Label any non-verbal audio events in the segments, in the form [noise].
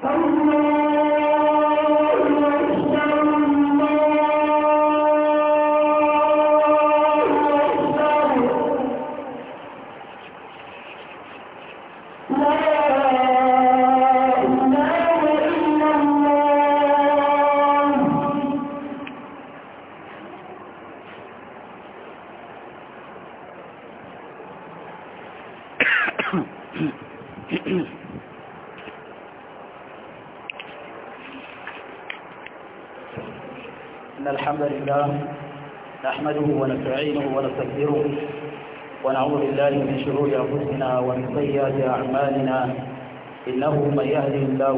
Allah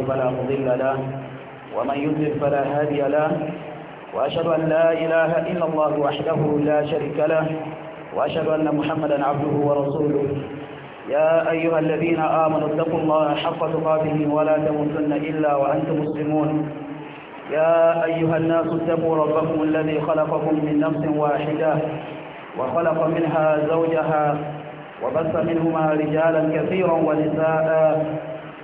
فلا مضل له ومن يضلل فلا هادي له وأشهد أن لا إله إلا الله وحده لا شريك له وأشهد أن محمدا عبده ورسوله يا أيها الذين آمنوا اتقوا الله حق تقاته ولا تموتن إلا وأنتم مسلمون يا أيها الناس اتقوا ربكم الذي خلقكم من نفس واحدة وخلق منها زوجها وبث منهما رجالا كثيرا ونساء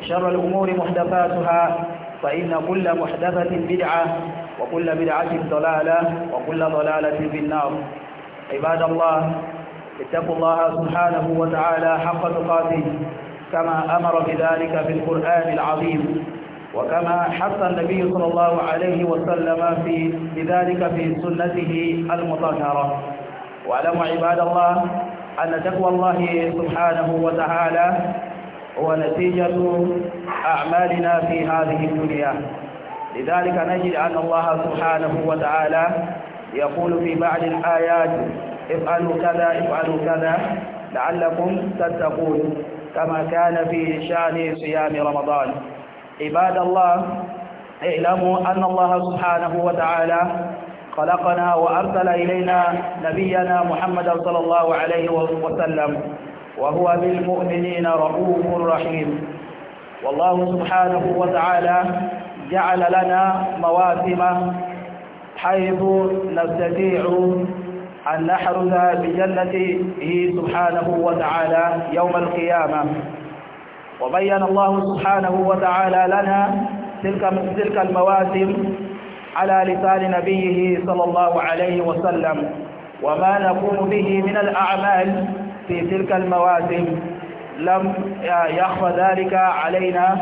وشر الأمور محدثاتها فإن كل محدثة بدعة وكل بدعة ضلالة وكل ضلالة في النار عباد الله اتقوا الله سبحانه وتعالى حق تقاته كما أمر بذلك في القرآن العظيم وكما حث النبي صلى الله عليه وسلم في بذلك في سنته المطهرة واعلموا عباد الله أن تقوى الله سبحانه وتعالى ونتيجة أعمالنا في هذه الدنيا لذلك نجد أن الله سبحانه وتعالى يقول في بعض الآيات افعلوا كذا افعلوا كذا لعلكم تتقون كما كان في شأن صيام رمضان عباد الله اعلموا أن الله سبحانه وتعالى خلقنا وأرسل إلينا نبينا محمدا صلى الله عليه وسلم وهو بالمؤمنين رؤوف رحيم والله سبحانه وتعالى جعل لنا مواسم حيث نستطيع أن نحرز بجنته سبحانه وتعالى يوم القيامة وبين الله سبحانه وتعالى لنا تلك تلك المواسم على لسان نبيه صلى الله عليه وسلم وما نقوم به من الأعمال في تلك المواسم لم آه، يخفى ذلك علينا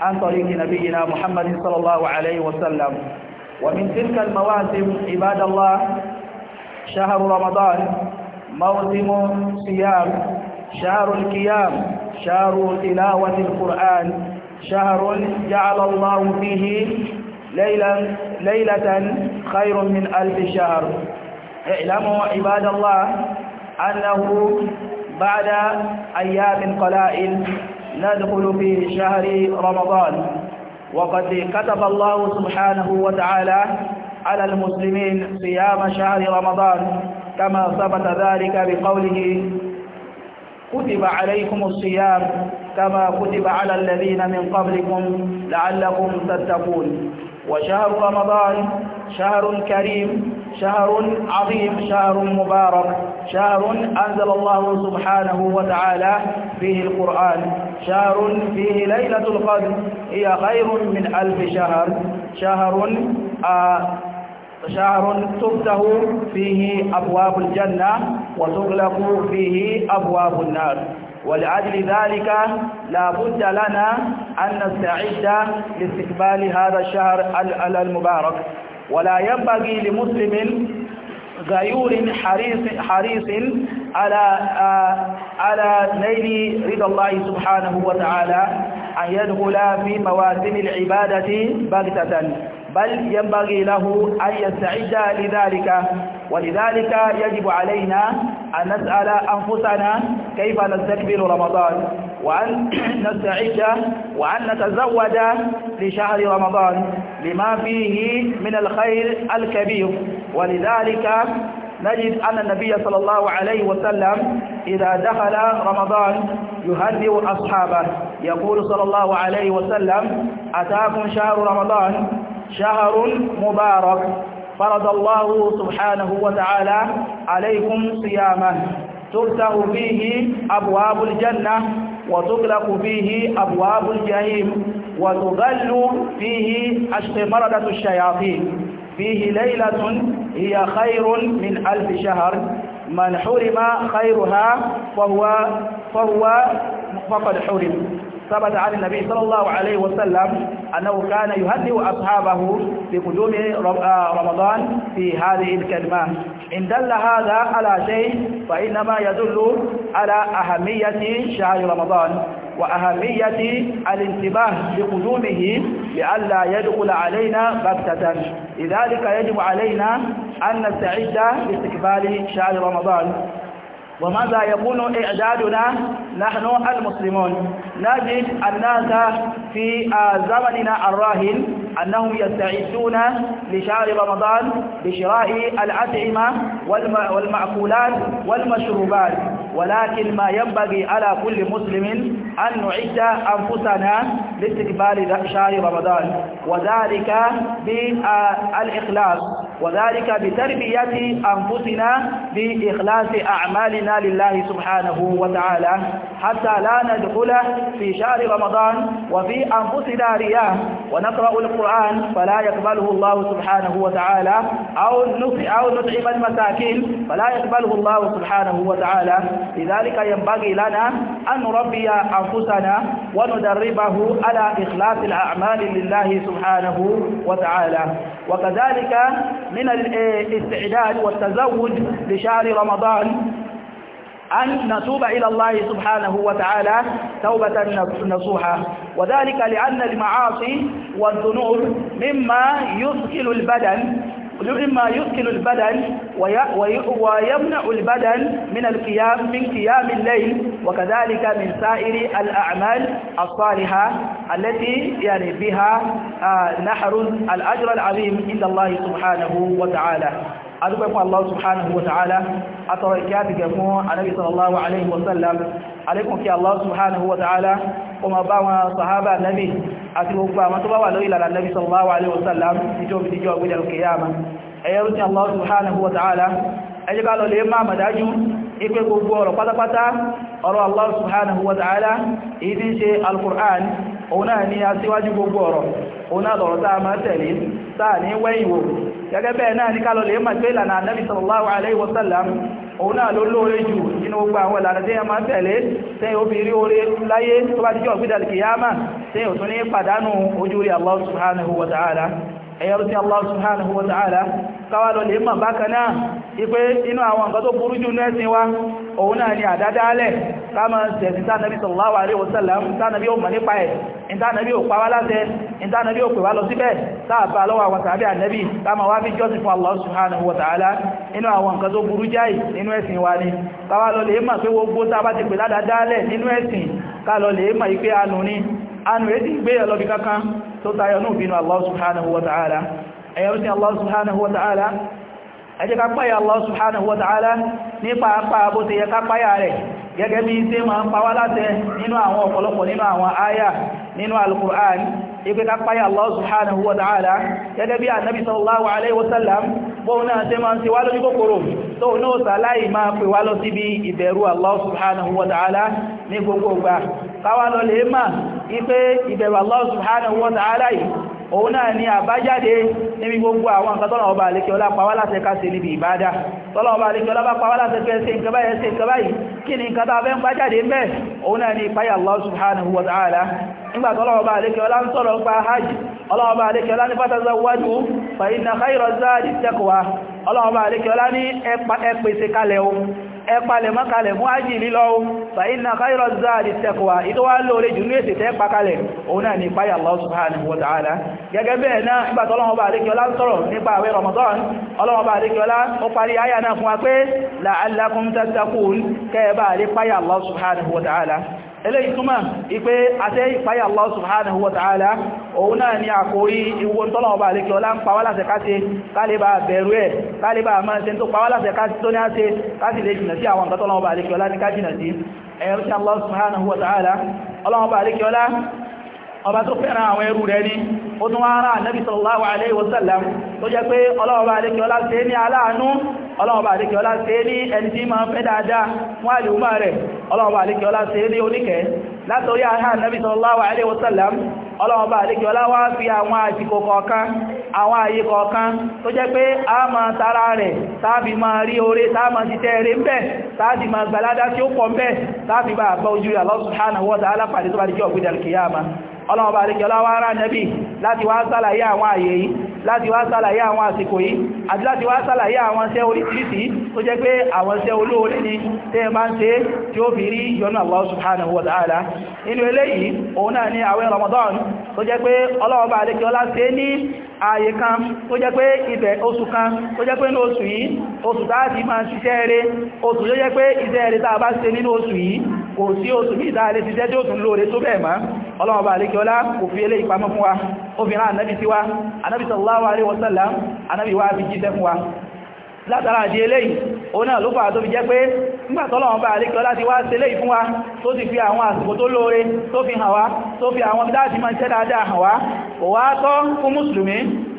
عن طريق نبينا محمد صلى الله عليه وسلم ومن تلك المواسم عباد الله شهر رمضان موسم صيام شهر القيام شهر تلاوة القرآن شهر جعل الله فيه ليلا ليلة خير من ألف شهر اعلموا عباد الله أنه بعد أيام قلائل ندخل في شهر رمضان وقد كتب الله سبحانه وتعالى على المسلمين صيام شهر رمضان كما ثبت ذلك بقوله كتب عليكم الصيام كما كتب على الذين من قبلكم لعلكم تتقون وشهر رمضان شهر كريم شهر عظيم شهر مبارك شهر أنزل الله سبحانه وتعالى فيه القرآن شهر فيه ليلة القدر هي خير من ألف شهر شهر آه شهر تفتح فيه أبواب الجنة وتغلق فيه أبواب النار ولأجل ذلك لا بد لنا أن نستعد لاستقبال هذا الشهر المبارك ولا ينبغي لمسلم غيور حريص حريص على آه، على نيل رضا الله سبحانه وتعالى أن يدخل في مواسم العبادة بغتة بل ينبغي له أن يستعد لذلك ولذلك يجب علينا أن نسأل أنفسنا كيف نستكبر رمضان وأن نستعد وأن نتزود لشهر رمضان لما فيه من الخير الكبير ولذلك نجد أن النبي صلى الله عليه وسلم إذا دخل رمضان يهدئ أصحابه يقول صلى الله عليه وسلم أتاكم شهر رمضان شهر مبارك فرض الله سبحانه وتعالى عليكم صيامه تفتح فيه أبواب الجنة وتغلق فيه أبواب الجحيم وتغل فيه مردة الشياطين فيه ليلة هي خير من ألف شهر من حرم خيرها فهو, فهو فقد حرم ثبت عن النبي صلى الله عليه وسلم أنه كان يهدئ أصحابه بقدوم آه، رمضان في هذه الكلمة إن دل هذا على شيء فإنما يدل على أهمية شهر رمضان وأهمية الانتباه لقدومه لئلا يدخل علينا بكتة لذلك يجب علينا أن نستعد لاستقبال شهر رمضان وماذا يكون إعدادنا نحن المسلمون نجد الناس في آه، زمننا الراهن أنهم يستعدون لشهر رمضان بشراء الأطعمة والمأكولات والمشروبات ولكن ما ينبغي على كل مسلم أن نعد أنفسنا لاستقبال شهر رمضان وذلك بالإخلاص آه، وذلك بتربية أنفسنا بإخلاص أعمالنا لله سبحانه وتعالى حتى لا ندخل في شهر رمضان وفي أنفسنا رياء ونقرأ القرآن فلا يقبله الله سبحانه وتعالى أو أو نطعم المساكين فلا يقبله الله سبحانه وتعالى لذلك ينبغي لنا أن نربي أنفسنا وندربه على إخلاص الأعمال لله سبحانه وتعالى وكذلك من الاستعداد والتزوج لشهر رمضان أن نتوب إلى الله سبحانه وتعالى توبة نصوحة وذلك لأن المعاصي والذنوب مما يثقل البدن مما يسكن البدن ويمنع البدن من القيام من قيام الليل وكذلك من سائر الأعمال الصالحة التي يعني بها آه، نحر الأجر العظيم الى الله سبحانه وتعالى أدوكم الله سبحانه وتعالى أترى إكياتكم النبي صلى الله عليه وسلم عليكم في الله سبحانه وتعالى kó ma bá wọn sàhábà nẹ́bì àti gbogbo àwọn tó bá wà lórí ìlànà nẹ́bì sallallahu alaihi wasallam ìjọ ìdíjọ ìgbẹ̀dẹ̀ al-qiyama ẹ̀yẹ́ rúsí Allah subhanahu wa ta'ala ẹjẹ́ ká lọ lè máa màdájú ipé gbogbo ọ̀rọ̀ pátápátá ọ̀rọ̀ Allah subhanahu wa ta'ala èyí tí ń ṣe al-Qur'an òun náà ni a síwájú gbogbo ọ̀rọ̀ òun òun náà ló lóore jù nínú gbogbo àwọn ìlànà tí ẹ máa ń tẹ̀lé tẹ́yìn obìnrin oore láyé tó bá díjọ́ gbídà kìyàmà tẹ́yìn òtún ní pàdánù ojú rí Allah subhanahu wa ta'ala ẹ̀yọ́rú sí Allah subhanahu káwà lọ lè mọ̀ bákan náà ipé inú àwọn nǹkan tó burú jù nẹ́sìn wa òun náà ni àdádálẹ̀ káàmà sẹ̀sìn tánàbí sallallahu alaihi wasallam tánàbí ò mọ̀ nípa ẹ̀ ìtánàbí ò pàwà láṣẹ ìtánàbí ò pè wá lọ síbẹ̀ sáàbà lọ́wọ́ àwọn tàbí ànẹ́bí káàmà wá fi Allah subhanahu wa ta'ala inú àwọn nǹkan tó burú ẹ̀sìn wa ni káwà lọ lè mọ̀ pé gbogbo tá bá ti pè ládádálẹ̀ nínú ẹ̀sìn ká lọ lè mọ̀ kankan tó tayọ ní òbínú Allah subhanahu wa ta'ala ẹ̀yọ́rùsí Allah subhanahu wa ta'ala ẹjẹ́ ká páyà Allah subhanahu wa ta'ala nípa apá bó ti yẹ ká páyà rẹ̀ gẹ́gẹ́ bí tí ma ń pawá látẹ nínú àwọn ọ̀pọ̀lọpọ̀ nínú àwọn àyà nínú al-Qur'an ipe ká páyà Allah subhanahu wa ta'ala gẹ́gẹ́ bí annabi sallallahu alaihi wasallam bóun náà tí ma ń ti wá lójú kòkòrò Allah subhanahu wa ta'ala yìí òun náà ni àbájáde níbi gbogbo àwọn nǹkan tọ́lọ̀ ọba àlékẹ́ ọlá pàwọ́ láti ẹka sí níbi ìbádá tọ́lọ̀ ọba àlékẹ́ ọlá pàwọ́ láti ẹka sí nǹkan báyẹ̀ sí nǹkan báyìí kí ni nǹkan tàbẹ́ ń bájáde ń bẹ̀ òun náà ni ìpáyà ẹ palẹ̀ mọ́kalẹ̀ mú ájì lílọ fa inna khayra zadi taqwa ìtọ́ wá lóore jù ní èsì tẹ́ pakalẹ̀ òun náà ni páyà Allah subhanahu wa ta'ala gẹ́gẹ́ bẹ́ẹ̀ náà nígbà tí ọlọ́wọ́ bá àríkíọlá eléyìí túnmà ipé àṣẹ ìpáyà Allah subhanahu wa ta'ala òun náà ni àkórí ìwò tọ́lọ̀ọba àlékí ọlá ń pàwà láti káṣe kálébà bẹ̀rù ẹ̀ kálébà máa ṣe tó pàwà láti káṣe tó ní àṣe káṣì lè jìnà sí àwọn nǹkan tọ́lọ̀ọba àlékí ọlá ní kájìnà sí ẹ̀rù sí Allah subhanahu wa ta'ala ọlọ́ọba àlékí ọlá ọba tó fẹ́ràn àwọn ẹrú ọlọ́ọ̀bà àríkẹ́ ọlá ṣe ní ẹni tí máa fẹ́ dáadáa wọ́n àlè umar rẹ̀ ọlọ́ọ̀bà àríkẹ́ ọlá ṣe ní oníkẹ́ látọrí àhá nàbí sallallahu alaihi wasallam ọlọ́ọ̀bà àríkẹ́ ọlá wá fi àwọn àsìkò kọ̀ọ̀kan àwọn àyè kọ̀ọ̀kan tó jẹ́ pé a máa tara rẹ̀ tàbí ọlọ́wọ́ bá àríkẹ́ ọlọ́wọ́ ara nẹ́bí láti wá sálàyé àwọn àyè yìí láti wá sálàyé àwọn àsìkò yìí àti láti wá sálàyé àwọn iṣẹ́ oríṣìíṣìí tó jẹ́ pé àwọn iṣẹ́ olóorí ni tẹ́ bá ń ṣe tí ó fi rí yọ́nú Allah Ramadan tó jẹ́ pé ọlọ́wọ́ bá àríkẹ́ ọlá ṣe ní ààyè kan tó jẹ́ pé ibẹ̀ oṣù kan tó jẹ́ pé kò sí oṣù mí ìdáalé ti jẹ́jẹ́ òtún lóore tó bẹ́ẹ̀ máa ọlọ́mọba àríkẹ́ọlá kò fi eléyìí pamọ́ fún wa obìnrin ànábì tiwa ànábì sallallahu alaihi wasallam ànábì wa fi jíṣẹ́ fún wa látara àdí eléyìí òun náà ló fà tó fi jẹ́ pé nígbàtọ́lọ́wọ́n bá àríkẹ́ láti wá sí eléyìí fún wa tó ti fi àwọn àsìkò tó lóore tó fi hàn wá tó fi àwọn dáàtì máa ṣẹ́ dáadáa hàn wá kò wá tọ́ fún mùsùlùmí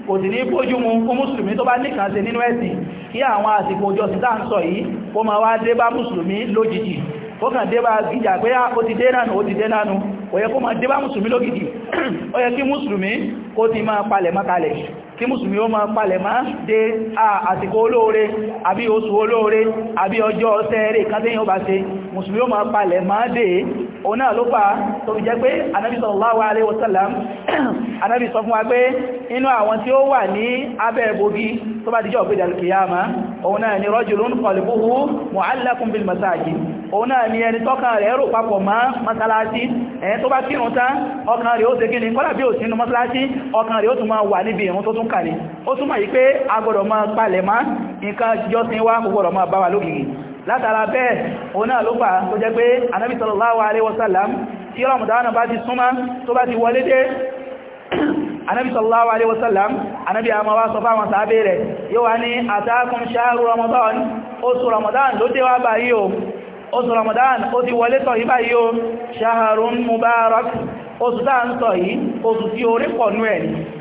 kò sì ní bójú mu fún mùsùlùmí tó bá nìkan ṣe nínú ẹ̀sìn kí àwọn àsìkò ọjọ́ sí dáa ń sọ yìí kó máa wá dé bá mùsùlùmí lójijì kọ́kàn dé bá gíjà pé ah, ó ti dé nánu ó ti dé nánu ó yẹ kó máa dé bá mùsùlùmí lógìdì ó yẹ kí mùsùlùmí kó ti máa palẹ̀ mọ́kalẹ̀ kí mùsùlùmí ó máa palẹ̀ máa dé àsìkò olóore àbí oṣù olóore àbí ọjọ́ ọ̀sẹ̀ O náà ló pàá tó fi jẹ́ pé anábi sallallahu alaihi wasallam anábi [clears throat] sọ fún wa inu inú ti o wa wà ní abẹ́ ìbògi tó bá dijọ́ ògbé dàlùkìyàmá òun náà ni rajulun qalbuhu bil masajid ni ẹni tọ́kàn re rò papo ma mọ́sálásí ẹ̀yẹn tó bá kírun tán ọkàn rẹ̀ ó ṣe látara bẹ́ẹ̀ òun náà ló fà tó jẹ́ pé anábì sallallahu alaihi wasallam tí Ramadan bá ti súnmọ́ tó bá ti wọlé dé anábì sallallahu alaihi wasallam anábì àmàwà sọ fáwọn sàábé rẹ̀ yóò wá ní àtàkùn ṣáàrù Ramadan oṣù Ramadan ló dé wá báyìí o oṣù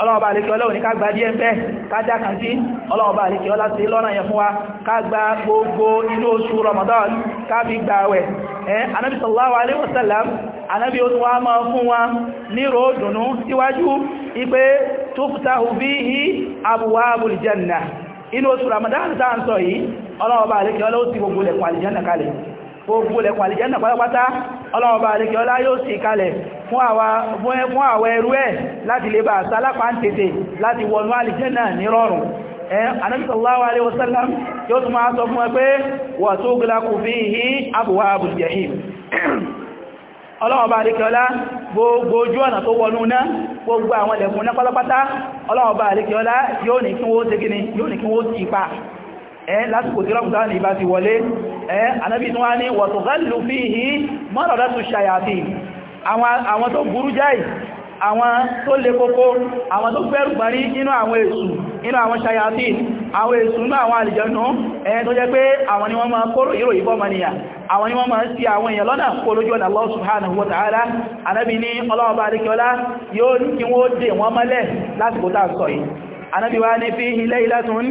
ọlọ́ọ̀bá àríkẹ́ ọlọ́run ní ká gba díẹ̀ pẹ́ ká dákan sí ọlọ́ọ̀bá àríkẹ́ ọlá sí lọ́nà yẹn fún wa ká gba gbogbo inú oṣù Ramadan ká fi gba àwẹ̀ ẹ́ anábi sallallahu alaihi wasallam anábi ó tún wá máa fún wa nírò dùnú síwájú ipé tuftahu bihi abwabul janna inú oṣù ọlọ́ọ̀bá àríkẹ́ ọlá yóò sì kalẹ̀ fún àwọ ẹrú ẹ̀ láti lè bá sálápàá ń tètè láti wọnú àlìjẹ́nà ní rọrùn Ànábì sallallahu alaihi wasallam yóò tún máa sọ fún ẹ pé wa tughlaqu fihi abwaabul jahim ọlọ́ọ̀bá àríkẹ́ọlá gbogbo ojú ọ̀nà tó wọnú ná gbogbo àwọn ẹlẹ́kùn náà pátápátá ọlọ́ọ̀bá ní kí wó ṣe kíni yóò ní ẹ eh, lásìkò tí rọ́pùtà ní ìbá ti wọlé ẹ eh, anábì tí wọ́n ní wọ̀tọ̀gálù fi hì mọ́rọ̀dátù ṣàyàfi àwọn tó burú jáì àwọn tó le kókó àwọn tó fẹ́rù parí inú àwọn èṣù inú àwọn ṣàyàfi àwọn èṣù inú àwọn àlìjẹnú ẹ eh, tó jẹ́ pé àwọn ni wọ́n máa kóró ìrò ìbọ́mọnìyà àwọn ni wọ́n máa sí àwọn èèyàn lọ́nà kó lójú ọ̀nà Allah subhanahu wa ta'ala anábì ní ọlọ́ọ̀bá adékọlá yóò kí wọ́n dè wọ́n mọ́lẹ̀ lásìkò tá a sọ yìí anábì wá ní fi ilẹ̀ ilẹ̀ tún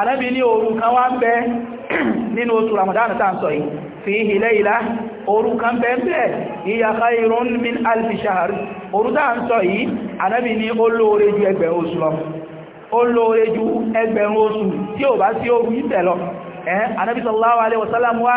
anábi ní òru kan wá ń bẹ [clears throat] nínú oṣù ramadan tá ń sọ yìí fi ilẹ̀ ìlà òru kan bẹ ń bẹ ìyá khairun min alfi shahr òru tá ń sọ yìí anábi ní olóore ju ẹgbẹ̀rún oṣù lọ olóore ju ẹgbẹ̀rún oṣù tí ò bá sí òru ìtẹ̀ lọ eh anábi sallallahu alaihi wasallam wá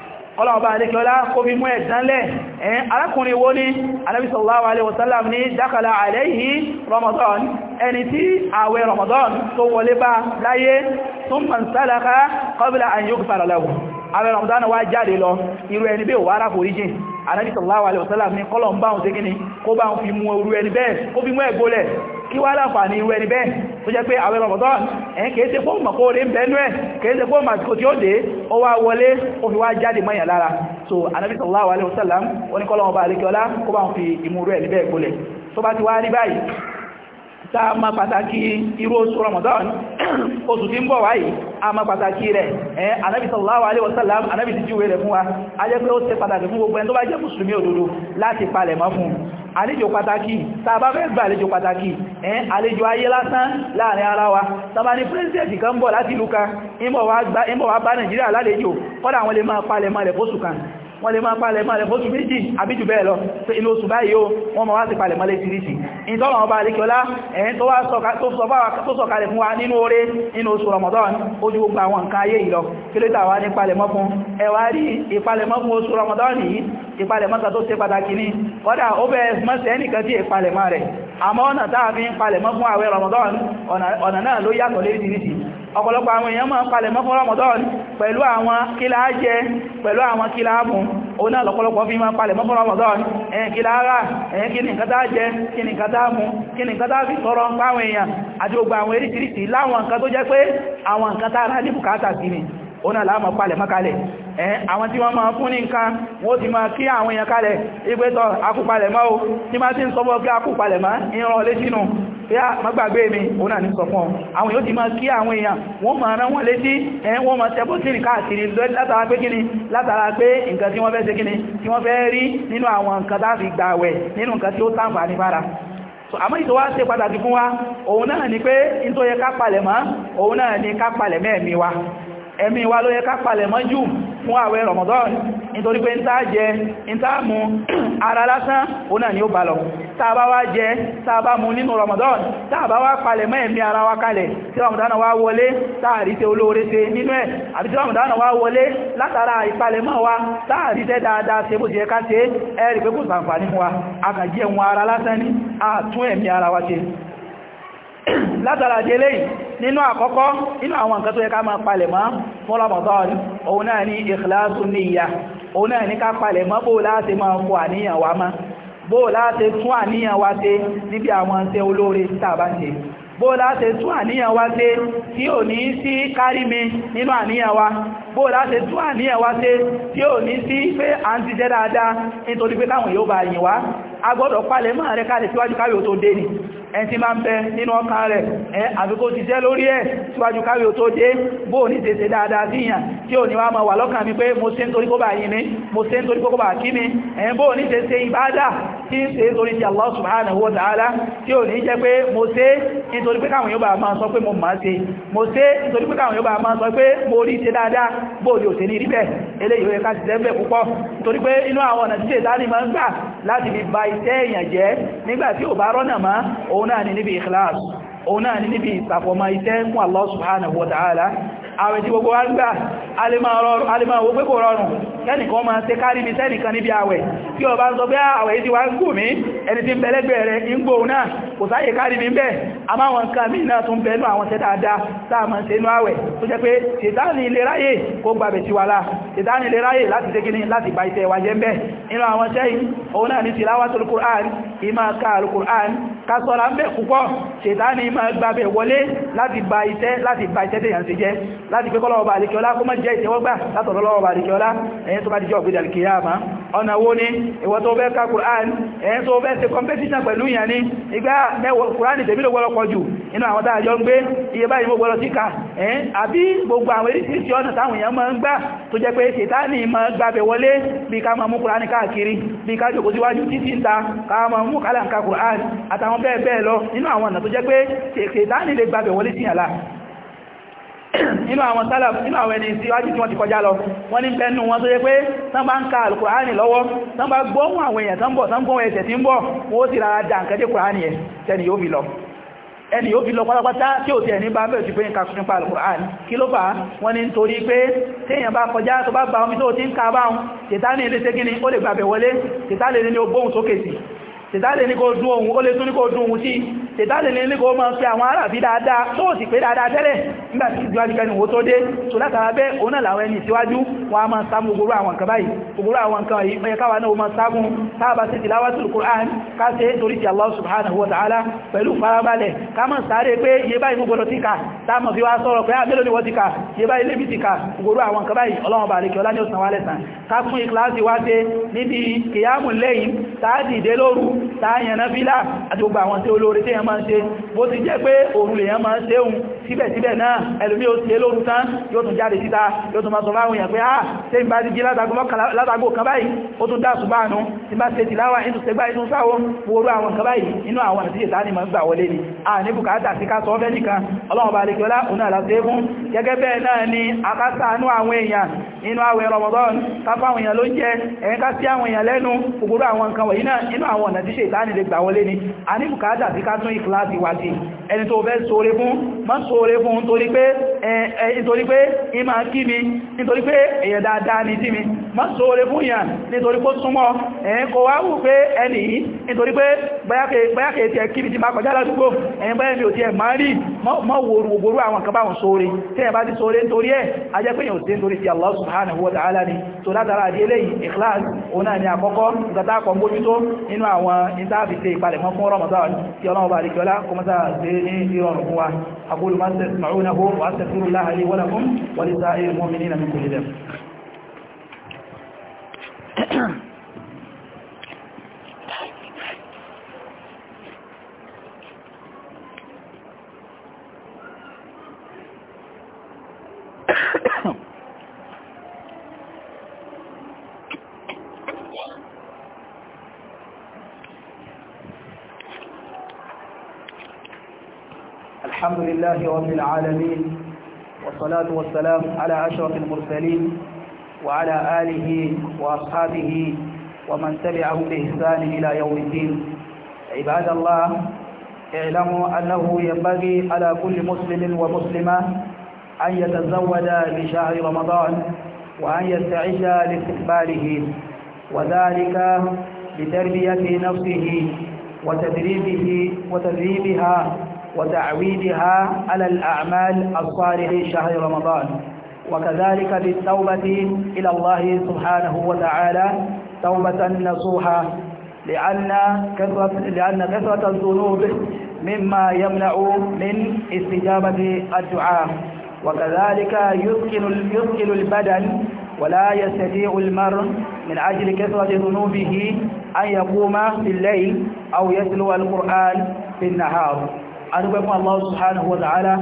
ọlọ́ọ̀bá àríkọlá kó bí mú ẹ̀dánlẹ̀ ẹ̀yìn arákùnrin wo ní Ànábì sallallahu alaihi wasallam ní dákàlà alayhi Ramadan ẹni tí àwẹ̀ Ramadan tó wọlé bá láyé thumma salaka qabla an yughfara lahu àwẹ̀ Ramadan wá jáde lọ irú ẹni bí wà ráforíjì Ànábì sallallahu alaihi wasallam ní kọlọ̀ kí wá láǹfààní irú ẹni bẹ́ẹ̀ tó jẹ́ pé àwẹ̀ rọ̀mọ̀tọ́ ẹ̀ kìí ṣe fún mọ̀kó orí ń bẹ́ẹ̀nú ẹ̀ kìí ṣe fún màtíkò tí ó dé ó wá wọlé ó fi wá jáde mọ́yàn lára so Ànábì sallallahu alaihi wasallam oníkọ́lọ́wọ́ bá alékiọlá kó bá ń fi ìmúrú ẹ̀ níbẹ̀ gbolẹ̀ tó bá ti wá rí báyìí ta ma Ramadan [clears throat] oṣù tí ń bọ̀ wáyìí a ma pàtàkì rẹ̀ ẹ̀ anábi sallallahu alaihi wasallam anábi ti jíwé rẹ̀ fún wa a jẹ́ pé àlejò pàtàkì tàbá fẹ́ gbà àlejò pàtàkì ẹ́ àlejò ayé lásán láàrin ara wa tàbá ní pírẹsidẹ̀ntì kan bọ̀ láti ìlú kan ìmọ̀ wá bá nàìjíríà lálejò kọ́dà àwọn lè máa palẹ̀ máa lẹ̀ fóṣù kan wọ́n lè máa palẹ̀ máa lẹ̀ fóṣù méjì àbíjù bẹ́ẹ̀ lọ pé inú oṣù báyìí ó wọ́n ma wá sí palẹ̀ mọ́lẹ̀ tìrìsì ìtọ́nà ọba àríkẹ́ọlá ẹ̀yìn tó sọ̀kalẹ̀ fún wa nínú oore inú oṣù Ramadan ojú gbogbo àwọn nǹkan ayé ìlọ kí ló tà wá ní fún ẹwà rí ìpalẹ̀mọ́ fún oṣù Ramadan yìí ìpalẹ̀mọ́ta tó ṣe pàtàkì ní kọ́dá ó bẹ̀ẹ́ mọ́sẹ̀ ẹnìkan tí ìpalẹ̀mọ́ rẹ̀ àmọ́ ọ̀nà táà fi ń palẹ̀mọ́ fún àwẹ̀ Ramadan ọ̀nà náà ló yàtọ̀ lérí nìtì ọ̀pọ̀lọpọ̀ àwọn èèyàn máa ń palẹ̀mọ́ fún Ramadan pẹ̀lú àwọn kílá jẹ pẹ̀lú àwọn kílá mú òun lọ́pọ̀lọpọ̀ fi máa palẹ̀mọ́ fún Ramadan ẹ̀yìn kílá ara ẹ̀yìn kí ni jẹ kí ni mú kí ni fi fáwọn èèyàn àti gbogbo àwọn láwọn nǹkan tó jẹ́ pé àwọn nǹkan ní bùkátà sí ni àwọn tí wọ́n máa fún ní nǹkan wọ́n ti máa kí àwọn èèyàn kalẹ̀ ìgbẹ́tọ̀ akúpalẹ̀ o tí máa ti ń sọ bọ́ kí akúpalẹ̀ mọ́ ìran létínú yá ah, magbàgbé mi o náà ní sọ fún àwọn yóò ti máa kí àwọn èèyàn wọ́n máa rán wọ́n létí ẹ̀ wọ́n máa tẹ́bọ̀ sí káàkiri látara pé kíni látara pé nǹkan tí wọ́n fẹ́ ṣe kíni tí wọ́n fẹ́ rí nínú àwọn nǹkan táàfi gbàwẹ̀ nínú nǹkan tí ó ní àmọ́ ìtò wá ẹ̀mí wa ló yẹ ká palẹ̀ mọ́ jù fún àwẹ̀ Ramadan nítorí pé ń tá jẹ ń tá mú [clears throat] ara lásán ó náà ni ó bá lọ tàbá wá jẹ tàbá mú nínú Ramadan tàbá wá palẹ̀ mọ́ ẹ̀mí ara wa kalẹ̀ tí Ramadan wá wọlé táàrí tẹ nínú ẹ̀ àti tí Ramadan wá wọlé látara ìpalẹ̀mọ́ wa táàrí tẹ́ dáadáa ṣe bó ṣe ká ṣe ẹ̀rì pé kò ṣàǹfààní fún wa a kàn jẹun ara lásán ní àtún [clears throat] látara délé nínú àkọ́kọ́ nínú àwọn nǹkan tó yẹ ká máa palẹ̀ mọ́ fún Ramadan òun náà ní ikhlasun niyya òun náà ní ká palẹ̀ mọ́ bó láti máa fọ àníyàn wa mọ́ bó láti tún àníyàn wa ṣe níbi àwọn tẹ́ olóore tàbá ṣe bó láti tún àníyàn wa ṣe tí ò ní sí kárí mi nínú àníyàn wa bó láti tún àníyàn wa ṣe tí ò ní sí pé à ń ti jẹ́ dáadáa nítorí pé káwọn yóò bá yìn wá palẹ̀ mọ́ rẹ̀ kalẹ̀ síwájú káwé tó dé ni ẹn tí máa ń bẹ nínú ọkàn rẹ̀ ẹ àbíkó ti jẹ́ lórí ẹ̀ síwájú káwí ò tó dé bó ní tètè dáadáa síyàn tí ò ní wá máa wà lọ́kàn mi pé mo ṣe ń torí kó bá yìí mi mo ṣe ń torí kó bá kí mi bó ní tètè ìbádà tí ń ṣe torí ti Allah subhanahu wa ta'ala tí ò ní jẹ́ pé mo ṣe nítorí pé káwọn yóò bá máa sọ pé mo máa ṣe mo ṣe nítorí pé káwọn yóò bá máa sọ pé mo rí ṣe dáadáa bó ní òṣèlú rí bẹ́ẹ̀ eléyìí ó yẹ ká ti tẹ́lẹ̀ púpọ̀ tí ò òun náà ni níbi ikhlas òun náà ni níbi ìsàfọ̀mọ́ iṣẹ́ fún Allah subhanahu wa ta'ala àwẹ̀ tí gbogbo wá ń gbà alìmọ̀ owó pé kò rọrùn lẹ́nìkan ma ṣe kárí mi sẹ́nìkan níbi àwẹ̀ tí o bá ń sọ pé ah, àwẹ̀ yìí ti wá ń gùn mí ẹni tí ń bẹ̀lẹ́gbẹ̀ rẹ̀ ń gbò náà kò sáyè kárí mi bẹ́ẹ̀ a máa wọn nǹkan míì náà tún bẹ̀ẹ́nú àwọn tẹ́ dáadáa kásọ́ra ń bẹ̀ púpọ̀ ṣètánì máa gbàbẹ̀ wọlé láti ba iṣẹ́ láti ba iṣẹ́ tèyàn sí jẹ́ láti pé kọ́lọ́wọ́ bá àríkẹ́ọlá kó mọ́ jẹ́ ìtẹ́wọ́gbà látọ̀lọ́wọ́ bá àríkẹ́ọlá ẹ̀yẹn tó bá dìjọ́ ògbé dàríkẹ́ ni ìwọ tó Qur'an ni ìgbà mẹ́wọ̀ Qur'an inú àwọn dájọ́ ń gbé iye báyìí mo gbọ́rọ̀ síkà ẹ́n àbí gbogbo àwọn eréṣìíṣìí ọ̀nà táwọn èèyàn máa ń gbà tó jẹ́ pé ṣètánì máa gbàbẹ̀ wọlé bí ká máa mú Kùránì káàkiri bí ká jòkó síwájú títí ta ká máa mú kálà ń ka Kùránì àtàwọn bẹ́ẹ̀ bẹ́ẹ̀ lọ nínú àwọn ọ̀nà tó jẹ́ pé ṣètánì lè gbàbẹ̀ wọlé sí yàlá nínú àwọn sálàf nínú àwọn ẹni síwájú tí wọ́n ti kọjá lọ wọ́n ní pẹ́nu ẹni yóò fi lọ pátápátá tí ò tẹ̀ ní bá bẹ̀rẹ̀ sí pé ń ka nípa Al-Qur'an kí ló fà wọ́n ní nítorí pé téèyàn bá kọjá tó bá bá omi tó ti ń ka báhùn tètánì ilé ségíní ó lè gbàbẹ̀ wọlé tètánì ilé ní ó ó lè ṣètàlè ní nígbò máa fi àwọn ará fi dáadáa tó sì pé dáadáa tẹ́lẹ̀ nígbàtí ìjọ́díkẹni wo tó dé tó látara bẹ́ òun náà làwọn ẹni síwájú wọn a máa sáàmù gbogbo àwọn nǹkan báyìí gbogbo àwọn nǹkan yìí ó yẹ káwa náà máa sáàmù táàbà Qur'an ká ṣe Allah subhanahu wa ta'ala pẹ̀lú farabalẹ̀ ká mọ̀ sáré pé iye báyìí mú gbọdọ̀ tíkà táàmù fi wá sọ̀rọ̀ ah, ni wọ́n tíkà iye báyìí lébi tíkà gbogbo àwọn nǹkan báyìí ọlọ́run bá àríkẹ́ ọlá ní òsàn wálẹ̀ sàn ká fún ìkìláàsì wá ṣe níbi kìyàmù lẹ́yìn táàdì ìdélóru èyàn máa ṣe bó ti jẹ́ pé òru lèyàn máa ṣe ohun síbẹ̀síbẹ̀ náà ẹlòmí ó ṣe lóru tán yóò tún jáde síta yóò tún máa sọ láwọn èèyàn pé ah ṣe ń bá ti jí látàgbò kan báyìí ó tún dáàsù bá àánú ti bá ṣe tìláwà inú ṣẹgbá inú sáwọ́ orú àwọn kan báyìí inú àwọn àti ìta ni ma ń gbà wọlé ni a ní bùkátà sí ká sọ fẹ́ nìkan ọlọ́run bá lè kí ọlá òun àlàfẹ́ fún gẹ́gẹ́ bẹ́ẹ̀ náà ni akásà anú àwọn èèyàn inú àwẹ̀ Ramadan kápá àwọn èèyàn ló ń jẹ ẹ̀yìn ká sí àwọn èèyàn lẹ́nu ògbóró àwọn nǹkan wọ̀nyí náà inú àwọn ọ̀nà tí ìta ni lè gbà wọlé ni a ní bùkátà sí ká tún tún ìkìláàsì wà sí ẹni tó fẹ́ sóre fún má sóre fún nítorí pé ìmá dáadáa ní sí mi má sóòrè fún ìyàn nítorí kó súnmọ́ ẹ̀yìn kò wá wù pé ẹni yìí nítorí pé báyàkè tí ẹ kí ti máa kọjá ládúgbò ẹ̀yìn báyẹ̀ mi ò ti ẹ̀ máa rí mọ́ wòrò ògbòrò àwọn kan báwọn sóòrè tí ẹ bá ti sóòrè nítorí ẹ̀ ajẹ́pẹ̀yàn òsè nítorí ti Allah subhanahu wa ta'ala ni tó látara àdí eléyìí ikhlas òun náà ni àkọ́kọ́ ìgbàtà àkọ́ mójútó nínú àwọn ìtàfíṣe ìpalẹ̀mọ́ fún Ramadan tí ọlọ́run bá rí kíọ́lá kọmọ́sá sí ní ìrọ̀rùn fún wa أقول ما تسمعونه وأستغفر الله لي ولكم ولسائر المؤمنين من كل ذنب الحمد لله رب العالمين والصلاة والسلام على أشرف المرسلين وعلى آله وأصحابه ومن تبعه بإحسان إلى يوم الدين عباد الله اعلموا أنه ينبغي على كل مسلم ومسلمة أن يتزود بشهر رمضان وأن يستعد لاستقباله وذلك بتربية نفسه وتدريبه وتدريبها وتعويدها على الأعمال الصالحة شهر رمضان وكذلك بالتوبة إلى الله سبحانه وتعالى توبة نصوحة لأن كثرة, لأن كثرة الذنوب مما يمنع من استجابة الدعاء وكذلك يسكن, يسكن البدن ولا يستطيع المرء من أجل كثرة ذنوبه أن يقوم في الليل أو يتلو القرآن في النهار أنبقى الله سبحانه وتعالى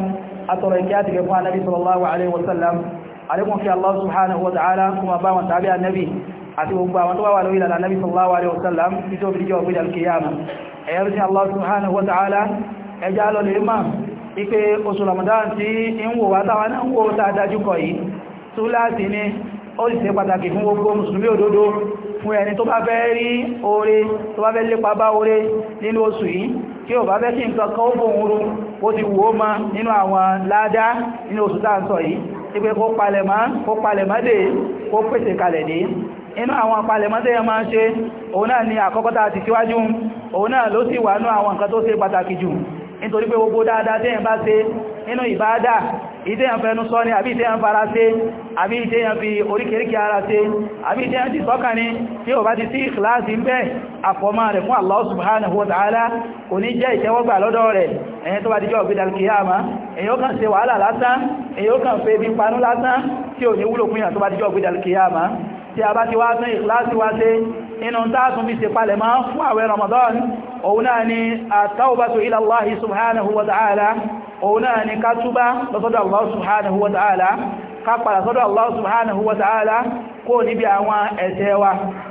أتركاتك يقول النبي صلى الله عليه وسلم àlékún fi Allah subhanahu wa ta'ala kuma bá wọn tàbí annabi àti gbogbo àwọn tó wà lórí ìlànà annabi sallallahu alaihi wasallam tí tó fi jẹ́ ọgbẹ́dà kìyàmà ẹ̀yẹ́ sí Allah subhanahu wa ta'ala ẹjá lọ lè máa ipé oṣù Ramadan tí ń wò wá táwọn ń wò tá dájú kọ yìí tó láti ní ó sì ṣe pàtàkì fún gbogbo mùsùlùmí òdodo fún ẹni tó bá fẹ́ rí oore tó bá fẹ́ lépa bá oore nínú oṣù yìí kí o bá fẹ́ kí nǹkan kan ó bòun rú ó ti wò ó ma nínú àwọn ládá nínú oṣù tá ń sọ yìí ipé kó palẹ̀mọ́ kó palẹ̀mọ́ dé kó pèsè kalẹ̀ dé inú àwọn palẹ̀mọ́ tẹ́ yẹ máa ń ṣe òun náà ni àkọ́kọ́ta ti síwájú òun náà ló sì wà ní àwọn nǹkan tó ṣe pàtàkì jù nítorí pé gbogbo dáadáa tẹ́yìn bá ṣe nínú ìbáadà ìtẹ́yàn fẹ́nu sọ ní àbí ìtẹ́yàn fara ṣe àbí ìtẹ́yàn fi oríkèríkè ara ṣe àbí ìtẹ́yàn ti sọ́kà ní tí ó bá ti sí ìkìláàsì ń bẹ́ àfọ́mọ́ rẹ̀ fún Allah subhanahu wa ta'ala kò ní jẹ́ ìtẹ́wọ́gbà lọ́dọ̀ rẹ̀ ẹ̀yẹn tó bá dijọ́ ọ̀gbẹ̀dàlkìyàmá èyí ó kàn ṣe wàhálà lásán èyí ó kàn fẹ́ bí panú lásán tí ò ní wúlò fún ìyàn tó bá dijọ́ ọ̀gbẹ̀dàlkìyàmá tí a bá ti wá tún ìkìláàsì wá ṣe inú tààtún òun náà ni ká túbá lọ́sọ́dọ̀ Allah subhanahu wa ta'ala ká padà sọ́dọ̀ Allah subhanahu wa ta'ala kó níbi àwọn ẹ̀ṣẹ̀ wa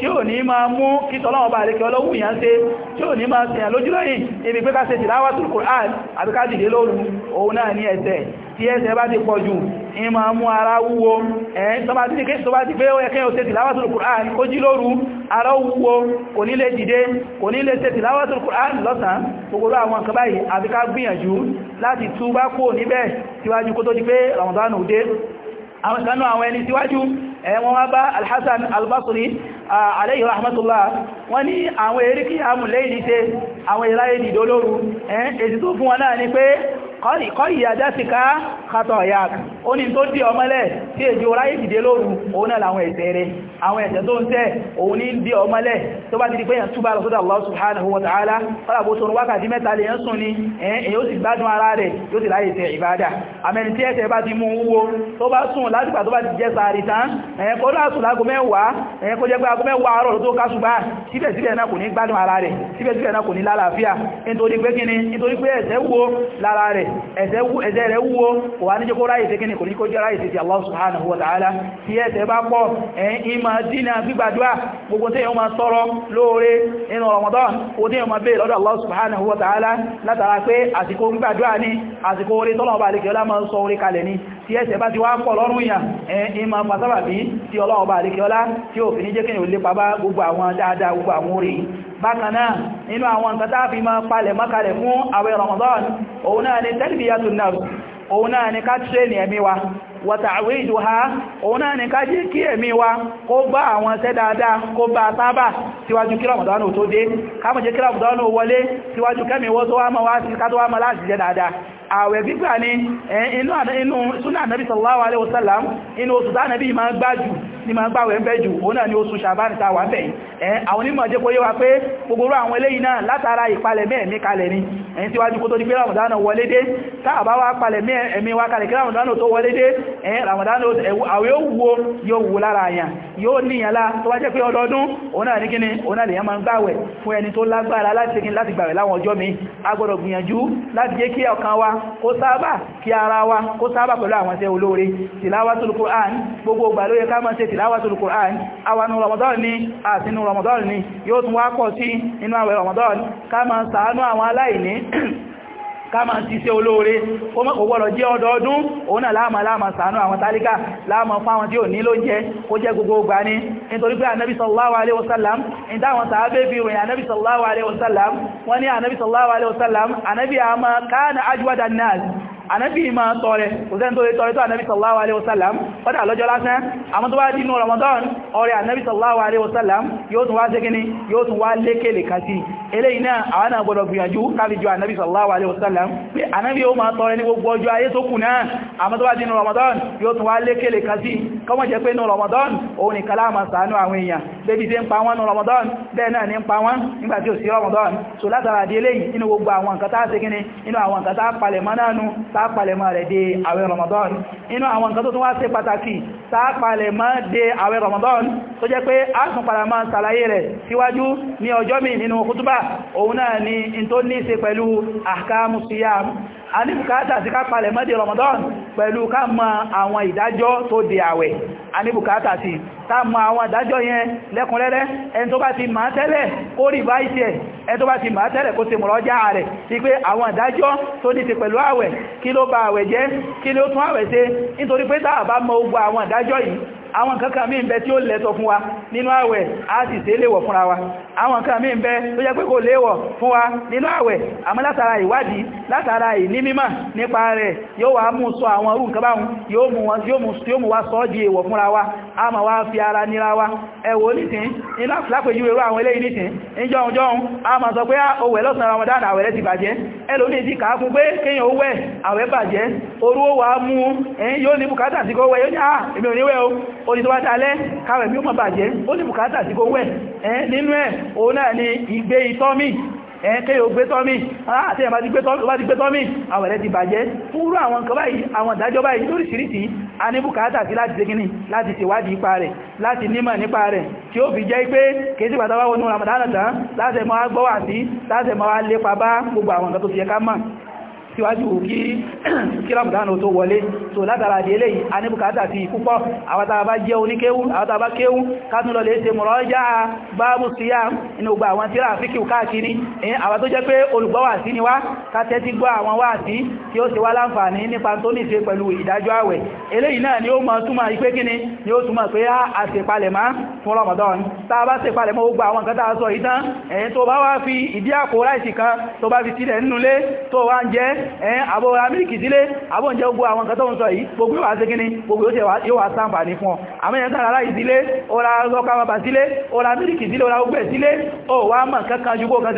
tí ò ní máa mú kí tọ́lọ́wọ́ bá àríkẹ́ ọlọ́wù ìyàn ṣe tí ò ní máa sèyàn lójúlọ́yìn ibi pé ká ṣe tilawatul Qur'an àbí ká dìde lóru òun náà ní ẹ̀ṣẹ̀ tí ẹ̀ṣẹ̀ bá ti pọ̀ jù ní máa mú ara wúwo ẹ̀yìn tọ́bá tí kéṣì tọ́bá ti pé ó yẹ kí ó ṣe tilawatul Qur'an kó jí lóru ara wúwo kò ní lè dìde kò ní lè ṣe tilawatul Qur'an lọ́sàn gbogbo àwọn nǹkan báyìí àbí ká gbìyànjú láti àwọn ẹni síwájú ẹ̀wọ́n wá bá alhassan albasri alayhi rahmatullah wọ́n ní àwọn eríkì àmùlẹ́yìn ní ṣe àwọn ìráyè ìdólóru èsì tó fún wọn náà ni pé kọ́ ìyàjá sí ká kàtọ̀ ọ̀yà ó ní tó dí ọmọlẹ̀ tí èjò ráyé dìde lóru òun náà làwọn ẹ̀ṣẹ̀ rẹ̀ àwọn ẹ̀ṣẹ̀ tó ń tẹ́ òun ní dí ọmọlẹ̀ tó bá ti di pé yàn túbà lọ Allah subhanahu wa ta'ala kọ́làbó sọ wákàtí mẹ́ta lè yán sùn ni èyàn ó sì gbádùn ara rẹ̀ yóò sì ráyè tẹ ìbádà àmẹ́ni tí ẹ̀ṣẹ̀ bá ti mú wúwo tó bá sùn látìgbà tó bá ti jẹ́ sàárì tán ẹ̀yẹn kó láàsùn lágo mẹ́wàá ẹ̀yẹn kó jẹ́ pé ago mẹ́wàá àárọ̀ tó kásùbá síbẹ̀síbẹ̀ lára rẹ̀ ẹ̀ṣẹ̀ rẹ̀ wúwo kò wá ní jẹ́ kó ráyè sí kíni kò ní kó jẹ́ ráyè sí ti Allah subhanahu wa ta'ala tí ẹ̀ṣẹ̀ bá pọ̀ ẹ̀yìn ìmọ̀ dínà gbígbàdúrà gbogbo tí èèyàn máa tọrọ lóore nínú Ramadan kò tí èèyàn máa bèèrè lọ́dọ̀ Allah subhanahu wa ta'ala látara pé àsìkò gbígbàdúrà ní àsìkò orí tọ́lọ̀ bá lè kẹ́lá máa ń sọ orí kalẹ̀ bákan náà nínú àwọn nǹkan tá fi máa palẹ̀ mọ́kalẹ̀ fún àwẹ̀ Ramadan òun náà ni tarbiyatun nafs òun náà ni ká tírẹ̀ ní ẹ̀mí wa wàtàwíjúha òun náà ni ká jẹ́ kí ẹ̀mí wa kó bá àwọn ṣẹ́ dáadáa kó bá sábà síwájú kí Ramadan tó dé ká má jẹ́ kí Ramadan wọlé síwájú kẹ́mí wọ́n tó wá mọ́ láti jẹ́ dáadáa àwẹ̀ gbígbà ní inú súnà ànábì sallallahu alaihi wasallam inú oṣù tá ànábì máa gbájú ní máa gbáwẹ̀ ń bẹ́jù òun náà ni oṣù Ṣàbáànì tá wà ń bẹ̀ yìí àwọn onímọ̀ jẹ́ kó yé wa pé gbogbo àwọn eléyìí náà látara ìpalẹ̀ mẹ́ẹ̀mí kalẹ̀ ni ẹ̀yìn tí wájú kó tó di pé Ramadan wọlé dé táàbá wá palẹ̀ mẹ́ẹ̀mí wá kalẹ̀ kí Ramadan tó wọlé dé ẹ̀yìn Ramadan àwẹ̀ ó wo yóò wo lára àyàn yóò níyànlá tó wá jẹ́ pé ọdọọdún òun náà ní kíni òun náà lèyàn máa ń gbàwẹ̀ fún ẹni tó lágbára láti gbàwẹ̀ láwọn ọjọ́ mi a gbìyànjú láti jẹ́ kí ọkàn wa kó sábà kí ara wa kó sábà pẹ̀lú àwọn iṣẹ́ olóore tìláwàtul Qur'an gbogbo ìgbà ló yẹ ká máa ṣe tìláwàtul Qur'an àwọn Ramadan ni àtinú Ramadan ni yóò tún wá pọ̀ sí inú àwẹ̀ Ramadan ká máa ṣàánú àwọn aláìní ká máa ti ṣe olóore ó mọ́ ògbọ́lọ̀ jẹ́ ọdọọdún òun náà láàmà láàmà ṣàánú àwọn tálíkà láàmà fáwọn tí ò ní ló jẹ́ ó jẹ́ gbogbo gbà ní nítorí pé ànábì sallallahu alaihi wasallam ní táwọn sàábé fi ròyìn ànábì sallallahu alaihi wasallam wọ́n ní ànábì sallallahu alaihi wasallam ànábì ànábì ma tọrẹ òsẹ́n tó lè tọrẹ tó ànábì sallallahu alaihi wasallam fọ́dá lọ́jọ́ lásán àmọ́ tó bá dínú Ramadan ọrẹ ànábì sallallahu alaihi wasallam yóò tún wá sékíní yóò tún wá lékèlè kàtí eléyìí náà àwọn náà gbìyànjú alaihi wasallam pé ànábì ó máa tọrẹ ní gbogbo ọjọ́ Ramadan yóò tún wá lékèlè kàtí kọmọ̀ Ramadan òun ni kalama ṣàánú àwọn èèyàn bébí tí Ramadan bẹ́ẹ̀ náà ní ń pa Ramadan so látara di eléyìí inú gbogbo àwọn nǹkan tá a tààpàlẹ̀mọ́ rẹ̀ dé àwẹ̀ Ramadan inú àwọn nǹkan tó tún wá ṣe pàtàkì tààpàlẹ̀mọ́ dé àwẹ̀ Ramadan tó jẹ́ pé a tún padà máa ṣàlàyé rẹ̀ síwájú ní ọjọ́ mi nínú kútúbà òun náà ni in tó ní ṣe pẹ̀lú ahkamu siyam a ní bùkátà sí ká palẹ̀ mọ́ di Ramadan pẹ̀lú ká mọ àwọn ìdájọ́ tó di àwẹ̀ a ní bùkátà sí ká mọ àwọn ìdájọ́ yẹn lẹ́kùnrẹ́rẹ́ ẹni tó bá ti máa tẹ́lẹ̀ kó rí báyìí ẹni tó bá ti máa tẹ́lẹ̀ kó ṣe mọ̀rọ̀já rẹ̀ sí pé àwọn ìdájọ́ tó ní ti pẹ̀lú àwẹ̀ kí ló ba àwẹ̀ jẹ́ kí ló tún àwẹ̀ ṣe nítorí pé tá a bá mọ gbogbo àwọn ìdájọ́ yìí àwọn kankan mí ń bẹ tí ó lẹ́tọ̀ fún wa nínú àwẹ̀ a sì ṣe léwọ̀ fúnra wa àwọn kankan mí ń bẹ tó jẹ́ pé kò léwọ̀ fún wa nínú àwẹ̀ àmọ́ látara ìwádìí látara ìní mímọ̀ nípa rẹ̀ yóò wá mú sọ àwọn orú wa a ma wá fi ara nira wa ah, ẹ̀wọ̀ Ramadan àwẹ̀rẹ́ ti ẹlòmí ti kàá fún pé kíyàn ó bàjẹ́ orú ó wà mú ẹ̀yìn yóò ní sí kó wẹ̀ yóò ní àà ah, èmi o ó ní tó bá dalẹ́ káwẹ̀ bí ó mọ̀ bàjẹ́ ó ní sí kó nínú ẹ̀ òun náà ni ìgbé ẹ̀ẹ́kẹ́ yóò gbé tọ́mí ah, àti ẹ̀mà ti gbé tọ́mí àwọn ẹ̀rẹ́ ti bàjẹ́ fúrú àwọn nǹkan báyìí àwọn ìdájọ́ báyìí lóríṣìíríṣìí a ní bùkátà sí láti dégíní láti ṣèwádìí ipa rẹ̀ láti nímọ̀ nípa rẹ̀ tí ó fi jẹ́ pé kéèsì pàtàkì wọnú Ramadan tán láti ẹ̀mọ́ agbọ́wà sí láti ẹ̀mọ́ alépa bá gbogbo àwọn nǹkan tó fi yẹ ká mọ̀ síwájú kí [clears throat] kíramdánù tó wọlé so látara di eléyìí a ní bukata ti púpọ̀ àwátà bá jẹ́ oníkéwú àwátà bá kéwú kátúnlọ lè ṣe mọ̀rọ̀já báàbù síyá inú gbà àwọn tíra àfíkì káàkiri àwá tó jẹ́ pé olùgbọ́wà sí ni wá kátẹ́ ti gbọ́ àwọn wá sí tí tó ni ó mọ̀ túmọ̀ ipé kíni ni ó túmọ̀ pé ah, a ṣe palẹ̀má fún Ramadan tá a bá ṣe palẹ̀mọ́ ó gba àwọn nǹkan tá a sọ ìtàn ẹ̀yìn tó bá wá fi sílẹ̀ nínú ilé tó wá ń jẹ́ ẹ̀ àbọ̀ ra mílìkì sílé àbọ̀ ń jẹ gbogbo àwọn nǹkan tó ń sọ yìí gbogbo wà sí kíní gbogbo yóò wà sáǹfà ní fún ọ àmọ́ yẹn sára láì sílé ó ra ọkà bàbà sílé ó ra mílìkì sílé ó ra gbogbo ẹ̀ sílé ó wá mọ̀ kankan ju kó kan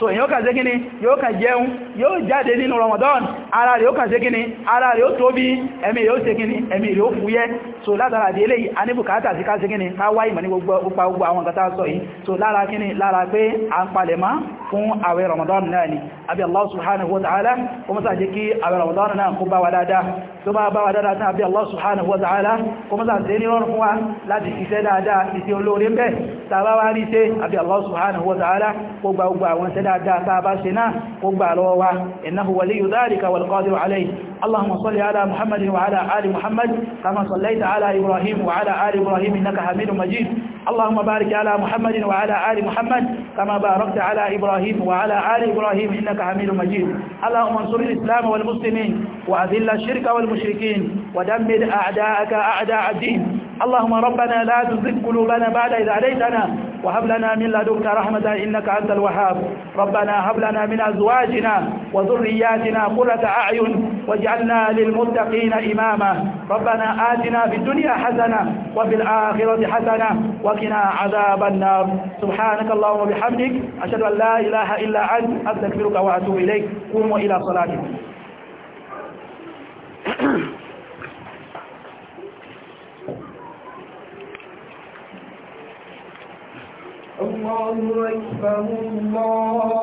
so èyàn kàn sí kíní yóò kàn jẹun yóò jáde nínú Ramadan ara rẹ̀ ó kàn sí kíní ara rẹ̀ ó tóbi so látara délé a ní bùkátà sí kíní kíni ká wá ìmọ̀ ní gbogbo àwọn nǹkan tá a sọ yìí so lára kíni lára pé à ń palẹ̀ mọ́ fún àwẹ̀ Ramadan náà ni àbí Allah subhanahu wa ta'ala kó mọ́sá jẹ́ kí àwẹ̀ Ramadan náà kó bá wa dáadáa tó bá bá wa dáadáa tán àbí Allah subhanahu wa ta'ala kó mọ́sá jẹ́ ní rọrùn fún wa láti iṣẹ́ dáadáa ìṣẹ́ olóore bẹ́ẹ̀ tàbá wá rí iṣẹ́ àbí Allah subhanahu wa ta'ala kó gba gbogbo àwọn iṣẹ́ dáadáa tá a bá ṣe náà kó gbà lọ́wọ́ wa innahu waliyyu dhalika wal qadiru alayhi اللهم صل على محمد وعلى آل محمد كما صليت على إبراهيم وعلى آل إبراهيم إنك حميد مجيد اللهم بارك على محمد وعلى آل محمد كما باركت على إبراهيم وعلى آل إبراهيم إنك حميد مجيد اللهم انصر الإسلام والمسلمين وأذل الشرك والمشركين ودمر أعداءك أعداء الدين اللهم ربنا لا تزغ قلوبنا بعد إذ هديتنا وهب لنا من لدنك رحمة إنك أنت الوهاب ربنا هب لنا من أزواجنا وذرياتنا قرة أعين واجعلنا للمتقين إماما ربنا آتنا في الدنيا حسنة وفي الآخرة حسنة وقنا عذاب النار سبحانك اللهم وبحمدك أشهد أن لا إله إلا أنت أستغفرك وأتوب إليك قوموا إلى صلاتكم الله أكبر الله